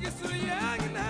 just a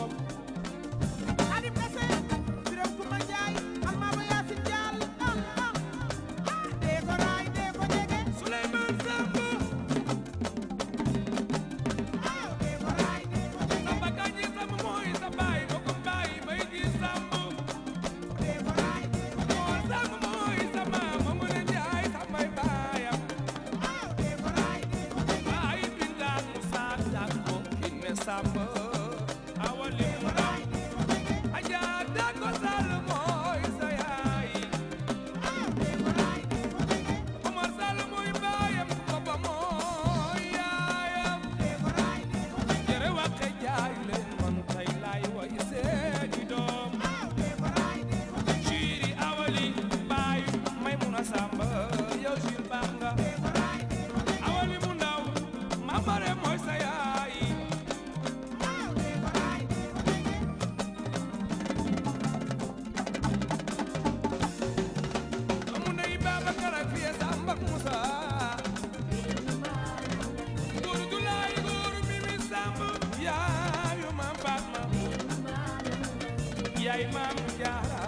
yaay maam jaara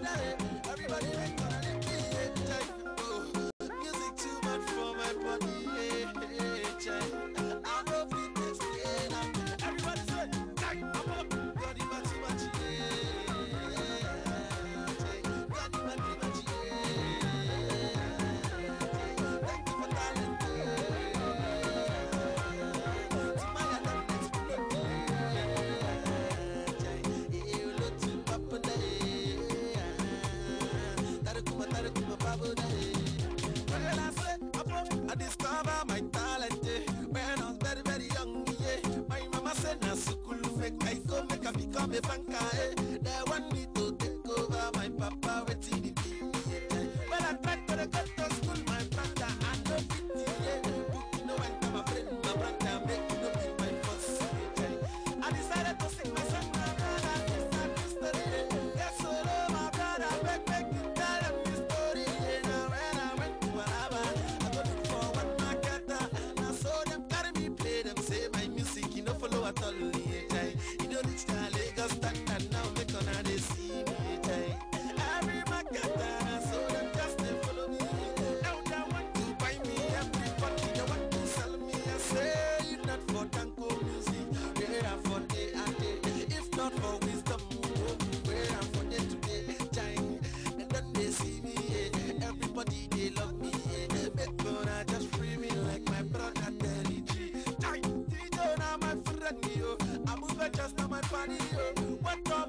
ọ̀dàrẹ̀. go make I become a banker. Eh? They want me to take over my papa. out for wisdom. Where I'm from there today is time. And then they see me, yeah. everybody they love me. Yeah. Make I just free me like my brother Terry G. Time, DJ now my friend, yo. i move over just now my body, yo. What the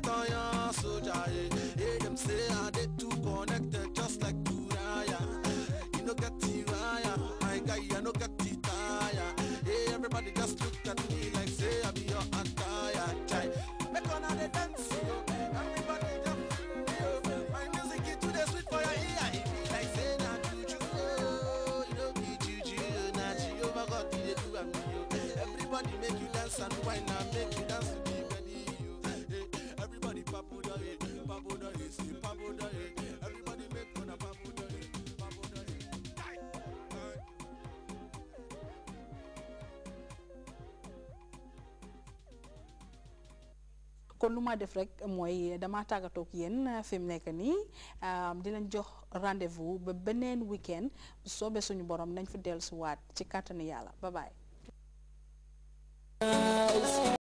tanya soja, eh, them say kon lu ma def rek mooy dama tàggatoog yéen euh, fi mu nekk nii euh, di leen jox rendez-vous ba beneen week-end bu soobee suñu borom nañ fi dellusiwaat ci kàttanu yàlla ba baay